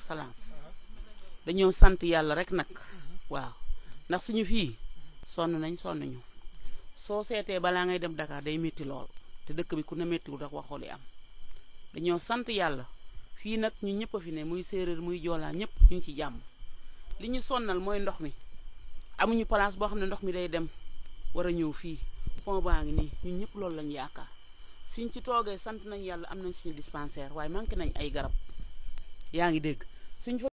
salaam ak dañoo sant yàlla rek nag waaw ndax suñu fii sonn nañ sonn ñu soo seetee balaa ngay dem Dakar day métti lool te dëkk bi ku ne méttiwul rek waxoo li am dañoo sant yàlla fii nag ñu ñëpp fi ne muy séeréer muy joolaa ñëpp ñu ngi ci jàmm li ñu sonnal mooy ndox mi amuñu place boo xam ne ndox mi day dem war a ñëw fii pont baa ngi nii ñun ñëpp loolu lañu yaakaar suñ ci toogee sant nañ yàlla am nañ suñu dispensaire waaye manqué nañ ay garab yaa ngi dégg suñ fa